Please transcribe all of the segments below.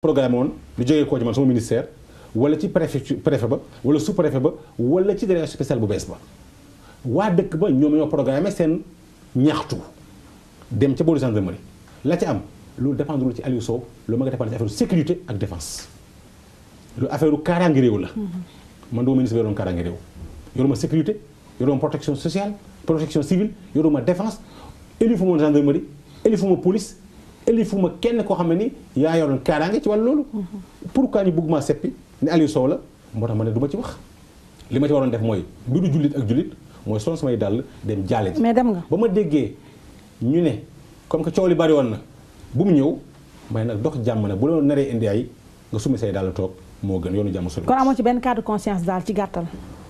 programme woon lu jógee koo ci man sama ministère wala ci préfet préfet ba wala sous préfet ba wala ci délégation spéciale bu bees ba waa dëkk ba ñoom ñoo programmé seen ñaxtu dem ca booru gendarmerie la ca am loolu dépendre ci Aliou Sow lu ma nga dépendre ci affaire sécurité ak défense lu affaire kaaraange réew la mm-hmm. man doo ministre bi yoroon kaaraange réew yoruma sécurité yoruma protection sociale protection civile yoruma défense élu fu police élifuma kenn koo xam ne ni yaa yoroon kaaraange ci wàllu loolu. pourquoi ñu bëgg maa seppi ne Aliou la moo tax ma ne duma ci wax. li ma ci waroon def mooy mbiru jullit ak jullit mooy son samay dàll dem jaale mais dem nga ma déggee ñu ne comme que coow li bari woon na bu mu ñëw may nag dox jàmm na bu la naree indi ay nga summi say dàll toog moo gën yoonu jàmm solo. kon amoo ci benn cas de conscience daal ci gàttal.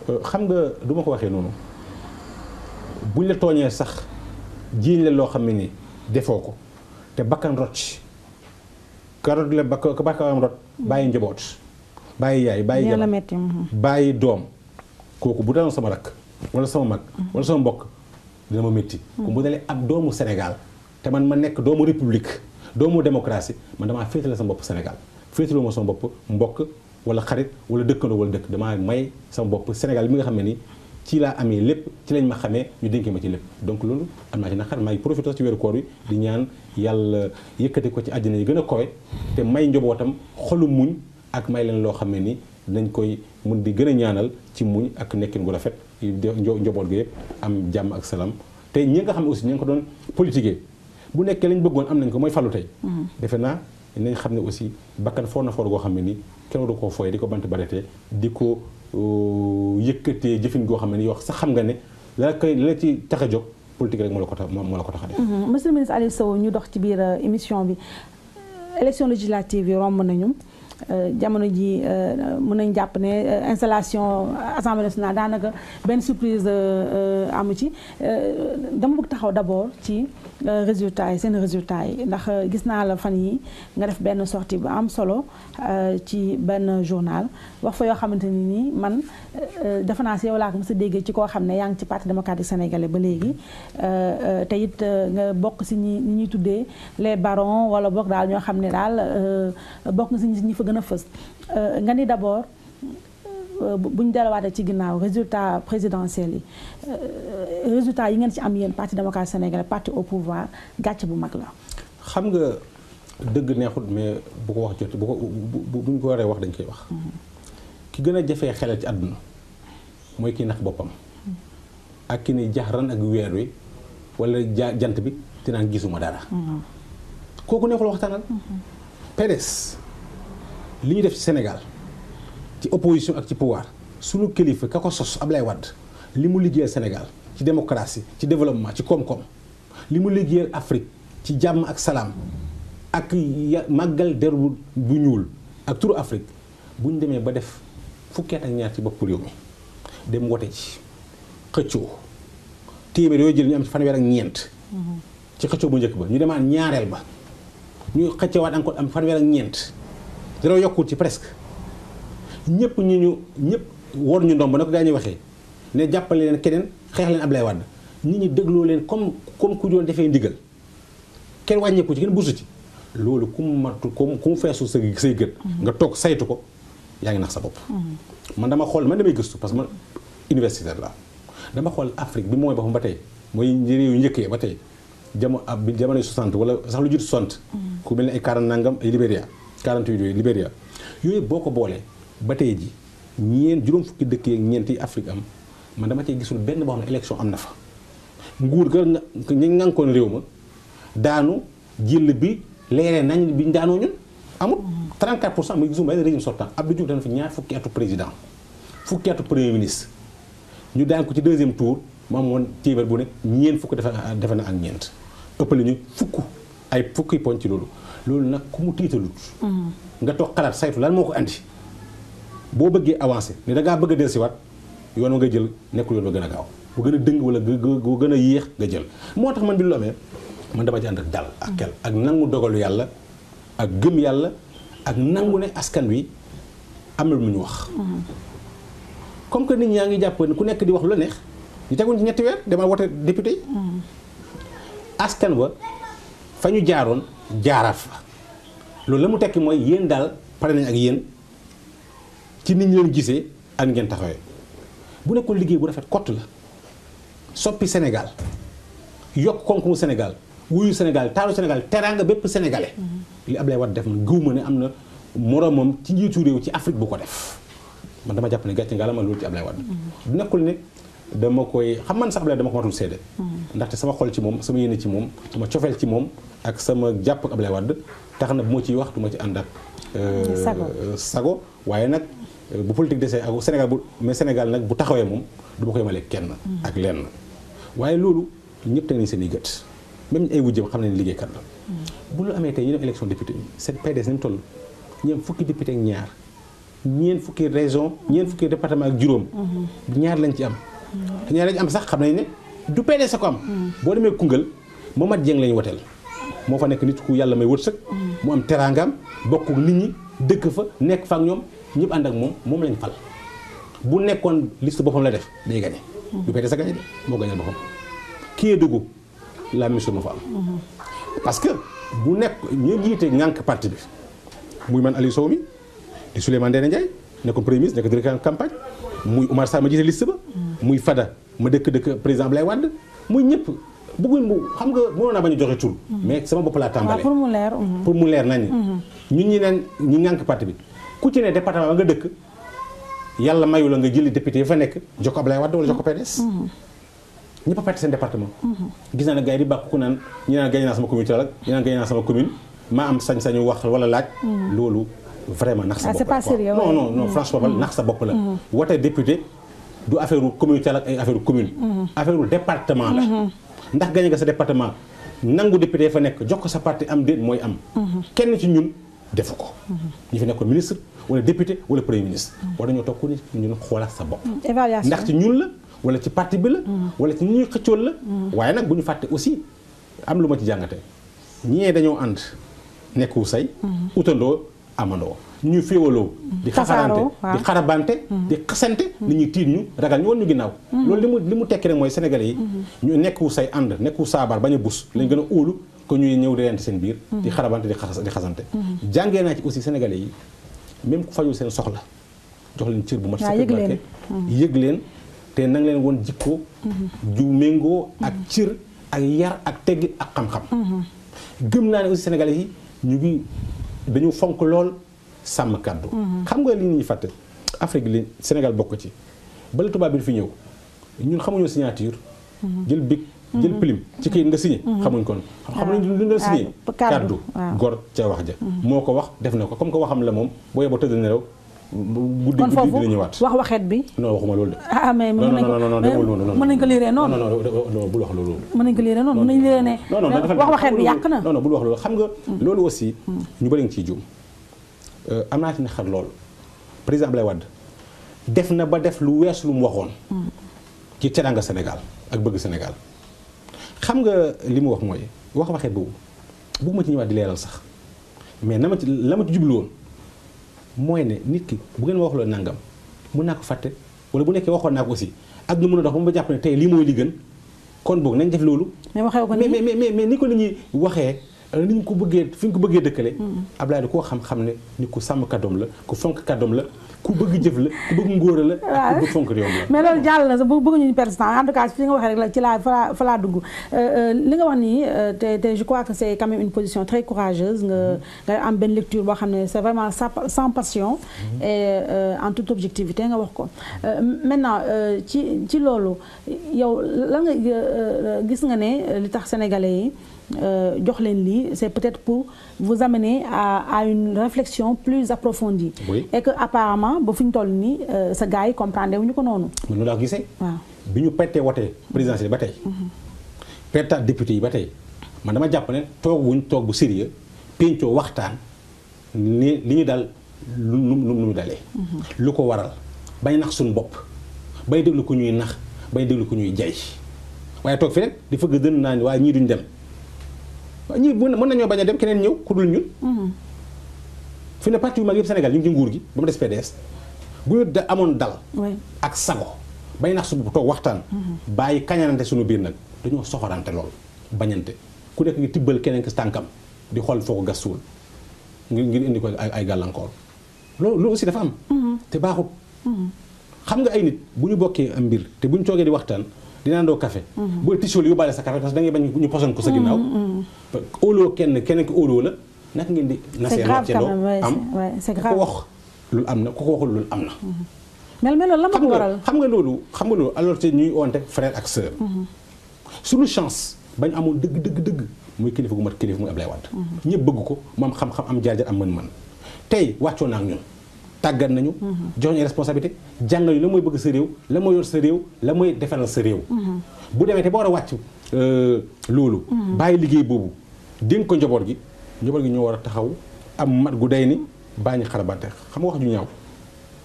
Euh, xam nga duma ko waxee noonu buñ la tooñee sax jiiñ la loo xam ne ni defoo ko. te bakkan rot ka rot la bakk bakkanam bàyyi njaboot bàyyi yaay bàyyi jabar mhm. bàyyi doom kooku bu daloon sama rakk wala sama mag mhm. wala sama mbokk dina ma métti mhm. ku bu dalee ab doomu Sénégal te man ma nekk doomu république doomu démocratie man damaa féetale sama bopp Sénégal féetaloo ma sama mbopp mbokk wala xarit wala dëkkandoo wala dëkk damaa may sama bopp Sénégal bi nga xam ne nii ci laa amee lépp ci lañ ma xamee ñu dénkee ma ci lépp donc loolu am naa ko ci àddina yi gën xolu muñ ak may leen loo xam ne ni dañ koy mun di gën a ñaanal ci muñ ak nekkin gu rafet njoboot gi yëpp am jàmm ak salaam te ñi nga xam ne aussi ña ngi ko doon politiqué bu nekkee lañ bëggoon am nañ ko mooy fàllu tey mm-hmm. defe naa nañ xam ne aussi bakkan foor na foor goo xam ne ni kenn du koo fooye di ko bant barete di ko yëkkatee jëfin goo xam ne wax sax xam nga ne la koy la ci tax a jóg politique rek moo la ko tax moo la ko tax a def. Mhm. monsieur ministre Aliou Sow ñu dox ci biir euh, émission bi élection législative yi romb nañu. Euh, jamono ji euh, mën nañ jàpp ne installation assemblée nationale daanaka benn surprise amu ci dama bëgg taxaw d'abord ci. résultats yi seen résultats yi ndax euh, gis naa la fan yi nga def benn sorti bu am solo euh, ci benn journal wax fa yoo xamante ni nii man euh, defe naa si yow laa ko mos a déggee ci koo xam ne yaa ngi ci parti démocratique sénégalais ba léegi te it nga bokk si ñi ñi ñuy tuddee les barons wala bokk daal ñoo xam ne daal bokk nga si ñi fa gën a fës nga ni d'abord Euh, bu ñu dalawaatee ci ginnaaw résultat présidentiel yi euh, résultat yi ngeen ci am yéen parti démocratique sénégalais parti au pouvoir gàcce bu mag la. xam nga dëgg neexul mais bu ko wax jot bu ko bu ñu ko waree wax dañ koy wax. Mm-hmm. ki gën a jafee xelal ci àdduna mooy kii nax boppam. Mm-hmm. ak ki ni jaxran ak weer wi wala ja jant bi dinaan gisuma dara. Mm-hmm. kooku neexul waxtaanal. PDS li ñu def ci Sénégal. ci opposition ak ci pouvoir sunu kilifa ka ko sos Ablaye Wade li mu liggéeyal Sénégal ci démocratie ci développement ci koom-koom li mu liggéeyal Afrique ci jàmm ak salaam ak màggal der bu ñuul ak turu Afrique bu ñu demee ba def fukki at ak ñaar ci bopp réew mi dem wote ci xëccoo téeméer yooyu jël ñu am fanweer ak ñeent. Mm-hmm. ci xëccoo bu njëkk ba ñu demaan ñaareel ba ñu xëccewaat ko am fanweer ak ñeent dara yokkul ci presque. ñëpp ñu ñu ñëpp war ñu ndomb nag ñu waxee ne jàppale leen keneen xeex leen Ablaye Wade nit ñi dégloo leen comme comme ku doon defee ndigal kenn wàññeeku ci kenn busu ku mu matu ku sa say gët mm-hmm. nga toog saytu ko yaa ngi nax sa bopp mm-hmm. man dama xool man damay gëstu parce universitaire la dama xool Afrique bi mooy boppam ba tey mooy réew yu njëkkee ba tey jamono ab bi jamono 60 wala sax lu jiitu 60 mm-hmm. ku mel ne ay 40 nangam ay Libéria 48 yooyu yooyu boo ko boolee ba tey ji ñeen juróom fukki dëkk yeeg ñeenti Afrique am man dama cee gisul benn boo xam ne élection am na fa nguur ga ñu ngànkoon réew ma daanu jël bi leeree nañ bi ñu daanoo ñun amul 34 pour cent muy gisuma benn régime ab Abdou Diouf dana fi ñaar fukki atu président fukki atu premier ministre ñu daan ko ci deuxième tour mu amoon téeméer bu ne ñeent fukk defe defe na ak ñeent ëpp ñu fukk ay fukki poñ ci loolu loolu nag ku mu tiitalut mm-hmm. nga toog xalaat saytu moo ko andi boo bëggee avancé ne da ngaa bëgg a dellusiwaat yoon nga jël nekkul yoon wa gën a gaaw bu gën a dëng wala bu gën a yéex nga jël moo tax man bi lu amee man dama ci ànd ak dal ak kel ak nangu dogalu yàlla ak gëm yàlla ak nangu ne askan wi am na lu ñu wax mm-hmm. comme que nit ñaa ngi jàpp ku nekk di wax lu la neex ñu teguñ ci ñetti weer dama wote député mm-hmm. askan wa fa ñu jaaroon jaaraat fa loolu la mu tekki mooy yéen daal pare nañ ak yéen ci ni ñu leen gisee an ngeen taxawee bu nekkoon liggéey bu rafet kott la soppi Sénégal yokk koom-koomu Sénégal wuyu senegal taaru Sénégal teraanga bépp sénégalais. Mm-hmm. li Ablaye Wade def na gëw ma ne am na moromam ci njiitu réew ci Afrique bu ko def man dama jàpp ne gàcce nga la ma loolu ci Ablaye Wade. bu mm-hmm. nekkul ne dama koy xam man sax Ablaye dama ko matul seede. Mm-hmm. ndaxte sama xol ci moom sama yéene ci moom sama cofeel ci moom ak sama jàpp Ablaye Wade tax na bu ma ciy wax du ci ànd euh, waaye nag. bu politique desee ak Sénégal bu mais Sénégal nag bu taxawee moom du ma ko yemale kenn. ak lenn waaye loolu ñëpp teg nañ seen i gët même ay wujjëm xam ne liggéeykat la. bu lu amee tey ñu dem élection député seen PDS ni mu toll ñeent fukki député ak ñaar ñeent fukki raison ñeen fukki département ak juróom. ñaar lañ ci am. te ñaar lañ am sax xam nañ ne du PDS a ko am. boo demee Koungheul Momad Dieng lañ woteel moo fa nekk nit ku yàlla may wërsëg. mu am teraangaam bokk nit ñi dëkk fa nekk fa ak ñoom. ñëpp ànd ak moom moom lañ fal bu nekkoon liste boppam la def day gagné. Mm-hmm. du PDS a gagné de moo gagné boppam. Kédougou la mission ma fa am. Mm-hmm. parce que bu nekk ñu jiite ngànk parti bi muy man Aliou Sow mi di Souleymane Ndéné Ndiaye nekkoon premier ministre muy Oumar ma jiite mm-hmm. dëkk dëkk président Abdoulaye Wade muy ñëpp. bëgguñ mu xam nga mënoon naa bañ a joxe tur mais sama bopp laa tàmbalee ah, pour mu leer nañ ñun ñi neen ñu ngànk parti bi ku ci ne département nga dëkk yàlla mayu nga jëli député fa nekk jox ko Ablaye Wade wala jox ko PDS. Mm-hmm. ñëpp a perte seen département. Mm-hmm. gis naa ne gars yi di sa bopp la. ah c'est pas sérieux non sa bopp la. wote député du affaire commune Talla ak ay affaire commune. Mm-hmm. affaire département la. ndax gañ nga sa département nangu député fa nekk jox ko sa parti am déet mooy am. kenn ci ñun. defu ko. ñu fi nekkoon ministre wala député wala premier ministre. war nañoo toog ku nit ñun xoolaat sa bopp. évaluation ndax ci ñun la wala ci parti bi la. Mm. wala ci ñi ñuy xëccoon la. Mm. waaye nag bu ñu fàtte aussi am lu ma ci jàngate ñii dañoo ànd nekku say. Mm. utandoo amandoo. ñu féewaloo di xaxarante di xarabante di xasante nit ñi tiit ñu ragal ñu woon ñu ginnaaw loolu li mu li mu tekki rek mooy sénégalais yi mm-hmm. ñu nekku say ànd nekku saabaar bañ a bus lañ que ñuy ñëw di reyante seen biir mm-hmm. di xarabante di xas di xasante mm-hmm. jàngee naa ci aussi sénégalais yi même ku fajul seen soxla jox leen cër bu mat sëkk mm-hmm. te nang leen woon jikko ju méngoo ak cër yi ñu ngi dañu fonk lool sàmm kàddu xam nga li ñuy fàtte Afrique li Sénégal bokk ci bala tubaab bi fi ñëw ñun xamuñu signature jël big jël pilim ci kayit nga signé. Mhm. xamuñ kon xam nañ lu ñu doon signé. Ah, kàddu gor ca wax ja. Mhm. moo ko wax def na ko comme que waxam la moom boo yeboo tëdd nelaw guddi guddi dina ñëwaat wax waxeet bi. non waxuma loolu de. ah mais mën nañ ko mën nañ ko liiree noonu. non non bul wax loolu. mën wax waxeet bi yàq na. non bul wax loolu xam nga. Mm. loolu aussi. Mm. ñu bëri nga ciy juum. Euh, am naa ci naqar lool président Abdoulaye Wade def na ba def lu weesu lu mu waxoon. Mm. ci teranga Sénégal ak bëgg senegal xam nga li mu wax mooy wax waxee boobu bëgguma ci ñëwaat di leeral sax mais na ma ci la ma ci jublu woon mooy ne nit ki bu ngeen ma waxloo nangam mun naa ko fàtte wala bu nekkee waxoon naa ko aussi ak nu mën a dox ba mu jàpp ne tey lii mooy li gën kon boog nañ def loolu. mais waxee ko mais mais ni ko nit ñi waxee. ni ko bëggee fi ko bëggee dëkkale Ablaye koo xam-xam ne ni ku sàmm kàddoom la ku fonk kàddoom la ku bëgg jëf la la ku bëgg fonk réew la mais loolu bëgg ñu persistant en tout cas fi nga waxee fa fa euh, euh, li nga wax nii euh, te te je crois que c'est quand même une position très courageuse nga nga am benn lecture boo xam ne c'est vraiment sans passion mhm. et en toute objectivité nga wax ko maintenant ci ci loolu yow lan nga gis nga ne li tax sénégalais yi Euh, jox leen lii c'est peut-être pour vous amener à à une réflexion plus approfondie. Oui. que apparemment ba fi ñu toll nii euh, sa gars yi wu ñu ko noonu. mënu laa gisee. waaw bi ñu pertee wote présidentielle ba tey. pertaat député yi ba tey man dama jàpp ne toog wuñ toog bu sérieux pencoo waxtaan ni li ñu dal lu lu lu mu dalee. Mhm. lu ko waral bañ nax suñu bopp bay déglu ku ñuy nax bay déglu ku ñuy jay waaye toog fi rek di fëgg dënn naa ni waaye ñii duñ dem. ñi mën nañoo bañ a dem keneen ñëw ku dul ñun. Mhm. fi ne parti yu mag yëpp Sénégal ñu ngi ci nguur gi ba mu des PDS bu da amoon dal. ak sago bay nax su bu toog waxtaan. Mhm. bàyyi kañanante suñu biir nag dañoo soxorante lool bañante ku nekk ngi tibbal keneen ki tànkam di xool foo ko gas suul ngir ngir indi ko ay gàllankoor loolu loolu aussi dafa am. Mhm. te baaxut. xam nga ay nit bu ñu bokkee am mbir te bu ñu di waxtaan. dinaandoo café boo tisoo la yóbbaale sa café parce que da ngay bañ ñu poson ko sa ginnaaw mhm, mhm, mhm. óoloo kenn kenn ki óoloo la naka ngeen di nasee wàccendoo am ku ko wax loolu am na ku ko waxul loolu am na mel mel loolu la ma ko waral xam nga loolu xam nga loolu alors que ñuy oonte frère ak sœur suñu chance bañ amoon dëgg dëgg muy kilifa gu kilifa muy Ablaye Wade ñëpp bëgg ko mu am xam-xam am jaar-jaar am mën-mën tey wàccoo ñun tàggat nañu jox ñu responsabilité jàngal ñu la mooy bëgg sa réew la mooy yor sa réew la mooy defaral sa réew bu demee te ba war a wàcc euh, loolu bàyyi liggéey boobu dénk ko njaboot gi njaboot gi ñoo war a taxaw am mat gu day ni bàññi xarabante xam nga wax ju ñaaw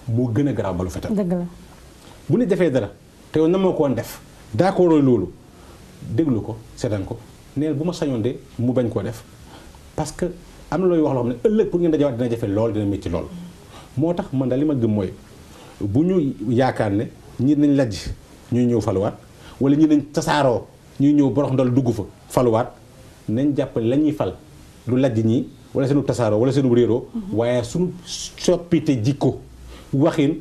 moo gën a garaaw balu fetal dëgg bu nit defee dara te yow na moo ko woon def d'accord loolu déglu ko seetaan ko neen bu ma sañoon de mu bañ koo def parce que am na looy wax loo xam ne ëllëg pour ngeen dajawaat dina jafe lool dina métti lool moo tax man da li ma gëm mooy bu ñu yaakaar ne ñi nañ lajj ñuy ñëw faluwaat wala ñi nañ tasaaroo ñuy ñëw borox ndol dugg fa falwaat nañ jàpp ne la ñuy fal lu lajj ñii wala seenu tasaaroo wala seenu réeroo mm-hmm. waaye suñu soppite jikko waxin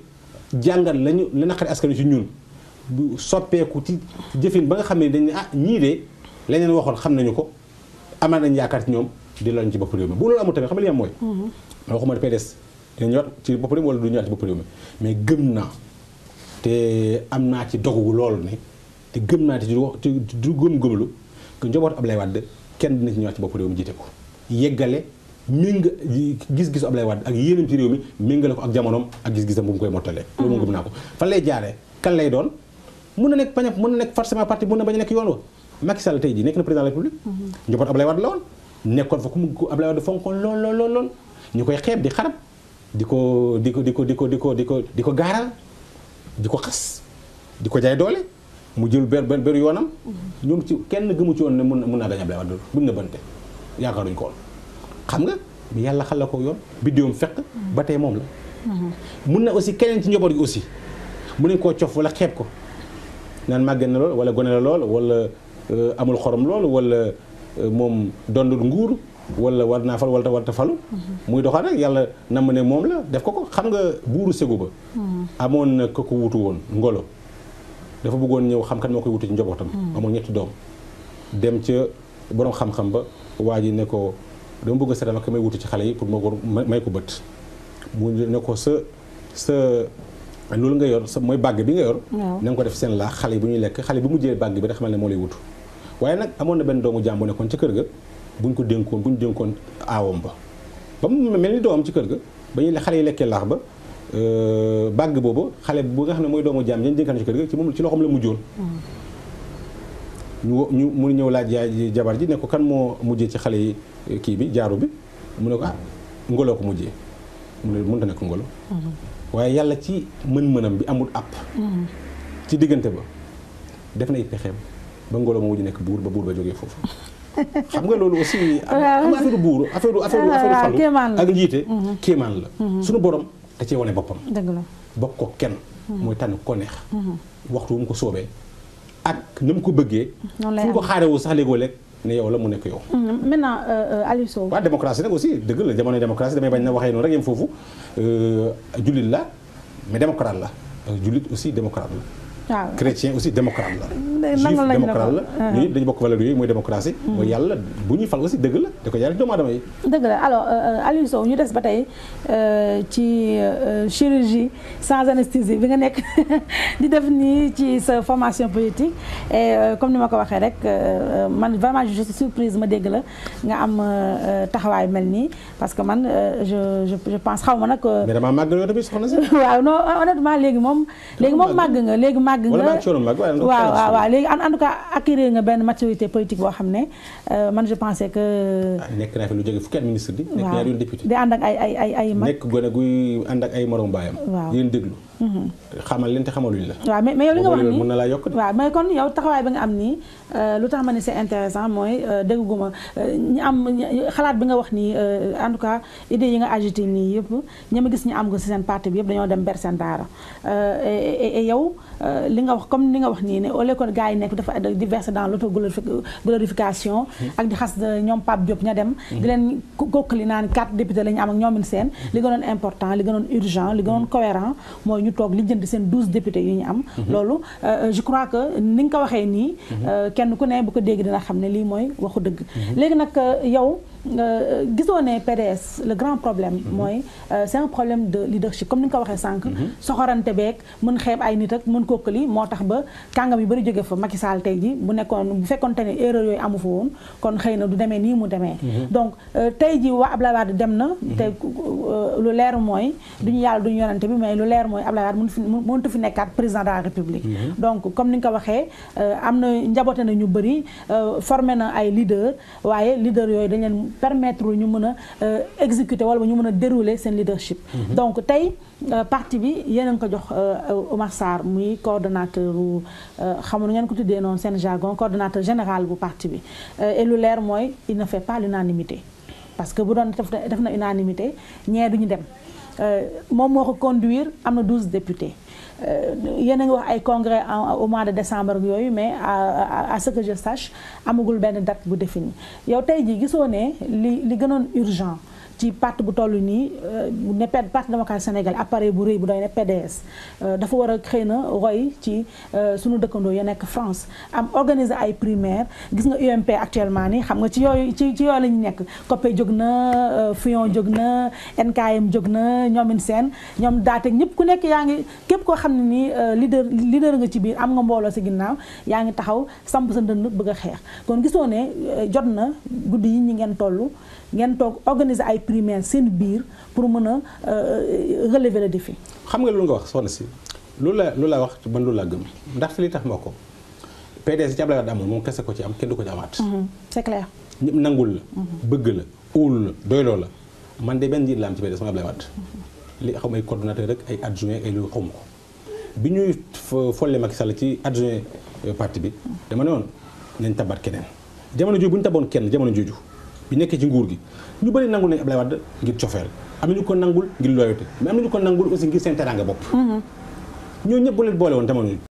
jàngal lañu la naqari askan wi ci bu soppeeku ci jëfin ba nga xam ne dañ ne ah ñii de leneen waxoon xam nañu ko amaan nañ yaakaar ci ñoom di lañ ci bopp réew mi bu loolu amul tamit xam nga li am mooy mm-hmm. waxuma dina ñëwaat ci bopp réew mi ci bopp réew mi mais gëm naa te am naa ci dogu loolu ne te gëm naa te du gëm-gëmlu que njabootu Ablaye Wade kenn dina ci ñëwaat ci bopp réew mi jiite ko yeggale ménga gis-gisu Ablaye Wade ak yéenam ci réew mi méngale ko ak jamonoom ak gis-gisam bu mu koy mottalee mm-hmm. loolu moom gëm naa ko fan lay jaaree kan lay doon mun na nekk bañ a na nekk forcément parti mun na bañ a nekk yoon wa tey jii nekk na président de la République mm-hmm. njabootu Ablaye Wade la woon nekkoon fa ku mu Ablaye Wade fonkoon lool lool lool lool ñu koy xeeb di xarab di ko di ko di ko di ko di ko di ko di ko gaaral di ko xas di ko jaay doole mu jël ber ber ber yoonam ñoom ci kenn gëmu ci woon ne mun naa dañ Ablaye Wade buñ na bante yaakaaruñ ko woon xam nga mais yàlla xal la ko yoon biddéewam fekk ba tey moom la mun na aussi keneen ci njaboot gi aussi mu ne koo cof wala xeeb ko naan màgget na lool wala gone la lool wala euh, amul xorom loolu wala euh, moom dondul nguur wala war naa fal wala warta falu muy doxal rek yàlla na ne moom la def ko ko xam nga buuru ségu ba amoon na ko ko wutu woon ngolo dafa bëggoon ñëw xam kan moo koy wutu ci njabootam amoon ñetti doom dem ca borom xam waa ji ne ko dama bëgg may wutu ci xale yi pour ma ko may ko bët mu ne ko sa sa loolu nga yor sa mooy bàgg bi nga yor na nga ko def seen laax xale yi bu ñuy lekk xale bi mu jëlee bàgg bi da xamal ne moo lay wutu waaye nag amoon na benn doomu jàmbu nekkoon ca kër ga buñ ko dénkoon buñ dénkoon aawam ba ba mu mel ni doomam ci kër ga ba ñuy xale yi lekkee laax ba euh, bàgg boobu xale bi nga xam ne mooy doomu jaam dañ dénkaan ci kër ga ci moom ci loxoom la mu mm. ñëw laaj yaay jabar ji ne ko kan moo mujjee ci xale yi kii bi jaaru bi mu ne ko ah ngoloo ko mujjee mu ne mënta nekk ngolo mm-hmm. waaye yàlla ci mën-mënam bi amul àpp mm-hmm. ci diggante ba def na ay pexeem ba ngolo ma mujj nekk buur ba buur ba jógee foofu xam nga loolu aussi. am affaire buuru ah, affaire affaire affaire falu ak njiite. Mhm. kéemaan la mhm. suñu borom da cee wane boppam. dëgg bokk ko kenn. Mhm. mooy tànn ko neex. waxtu wu mu ko soobee. ak ni mu ko bëggee. noonu fu mu ko xaarewul sax léegoo ne yow la mu nekk yow. maintenant euh, euh, Aliou Sow. waaw aussi dëgg jamono démocratie damay bañ na waxee noonu rek yem foofu euh, jullit la mais démocrate la jullit aussi démocrate la. chrétien démocrate la juif démocrate la ah. ñu ñëpp dañu bokk valeur mooy démocratie hmm. mooy yàlla bu ñuy fal aussi dëgg la da ko jaaree doomu aadama yi dëgg la euh, euh, euh, ci bi nga nekk di def nii ci sa formation politique et comme ni ma ko waxee rek man vraiment je suis surprise ma dégg la nga am taxawaay mel nii parce que man je je pense xaw ma nag mais dama màgg yow tamit soxna si waaw non honnêtement léegi moom léegi moom màgg nga léegi màgg màgg nga waaw waaw waaw léegi en tout cas acquérir benn maturité politique boo xam ne euh, man je pensais que ah, nekk naa fi lu jóge fukki at ministre di nekk ñaari yoon député di ànd ak ay ay ay ay mag nekk guy ànd ak ay morom baayam di leen déglu xamal leen te xamaluñ la. waaw mais mais yow li nga wax nii mën na laa yokk de. waaw kon yow taxawaay bi nga am nii euh, lu tax ma ne c'est intéressant mooy euh, dégguma euh, ñi am xalaat bi nga wax nii en tout cas idée yi nga agité nii yëpp ñi ma gis ñu am ko ci seen parti bi yëpp dañoo dem ber seen daara et yow li nga wax comme ni nga wax nii ne au lieu que gars yi nekk dafa di verser dans l'autoglorification. Mm-hmm. ak di xas ñoom Pape Diop ña dem. Mm-hmm. di leen kokkali naan quatre députés la ñu am ak ñoomin seen. li gënoon important li mm-hmm. ñu toog li jënd seen douze députés yu ñu am mhm. loolu euh, je crois que ni nga ko waxee nii mhm. euh, kenn ku ne bu ko dégg dina xam ne lii mooy waxu dëgg mhm. léegi nag euh, yow Euh, gisoo ne PDS le grand problème mhm. mooy euh, c'est un problème de leadership comme ni ko waxee sànq mhm. soxorante beeg mën xeeb ay nit ak mën kookali moo tax ba kàngam yu bëri jóge fa Macky Sall tey ji bu nekkoon bu fekkoonte ne erreur yooyu amu fa kon xëy na du demee nii mu demee mhm. donc euh, tey ji waa Abdoulaye Wade dem na te lu leer mooy duñu yàlla duñu yonante bi mais lu leer mooy Abdoulaye Wade mënut fi nekkaat président de la République donc comme ni nga ko waxee am na njaboote na ñu bëri formé na ay leader waaye leader yooyu dañ permettre ñu mën a euh, exécuter wala ñu mën a dérouler seen leadership. Mhm. donc tey euh, parti bi yéen a ngi ko jox euh, Omar Sarr muy coordonnateur bu xamu ngeen ko tuddee noonu seen jargon coordonnateur général bu parti bi et lu leer mooy il ne fait pas l'unanimité parce que bu doon def na unanimité ñee duñu dem moom moo ko conduire am na douze députés. Euh, yéen a ngi wax ay congrès au mois de décembre yooyu mais à ce que je sache amagul benn date bu définie yow tey jii gisoo ne li li gënoon urgent ci parti bu toll nii euh, ne parti démocratique Sénégal appareil bu rëy bu doy ne PDS euh, dafa war a xëy na roy ci euh, sunu dëkkandoo ya nekk France am organiser ay primaire gis nga UMP actuellement nii xam nga ci yooyu ci ci yooyu la ñu nekk COPE jóg na Fillon jóg na NKM jóg na ñoomin seen ñoom daate ñëpp ku nekk yaa ngi képp koo xam ne nii leader leader nga ci biir am nga mbooloo si ginnaaw yaa ngi taxaw samp sa ndënd bëgg a xeex kon gisoo ne jot na guddi yi ñi ngeen toll ngeen toog organiser ay primaire seen biir pour mën a euh, relever le défi. xam nga lu nga wax soxna si loolu la lu la wax man lu laa gëm ndax li tax moo ko PDS ci Abdoulaye Wade moom kese ko ci am kenn du ko ci amaat. Mhm, c'est clair. ñëpp nangul mhm. bëgg la óolu la la man de benn njiit la am ci PDS mhm. xaw ay coordonnateur rek ay adjoint ay lu xaw ma ko bi ñuy folle Macky Sall ci adjoint euh, bi dama ne woon nañ tabaat keneen jamono bu ñu taboon kenn jamono jooju. bi nekkee ci nguur gi ñu bëri nangul nañu Ablaye Wade ngir cofeel am na ñu ko nangul ngir loyauté mais am na ñu ko nangul aussi ngir seen teraanga bopp mm-hmm. ñoo ñëpp bu leen boole woon jamono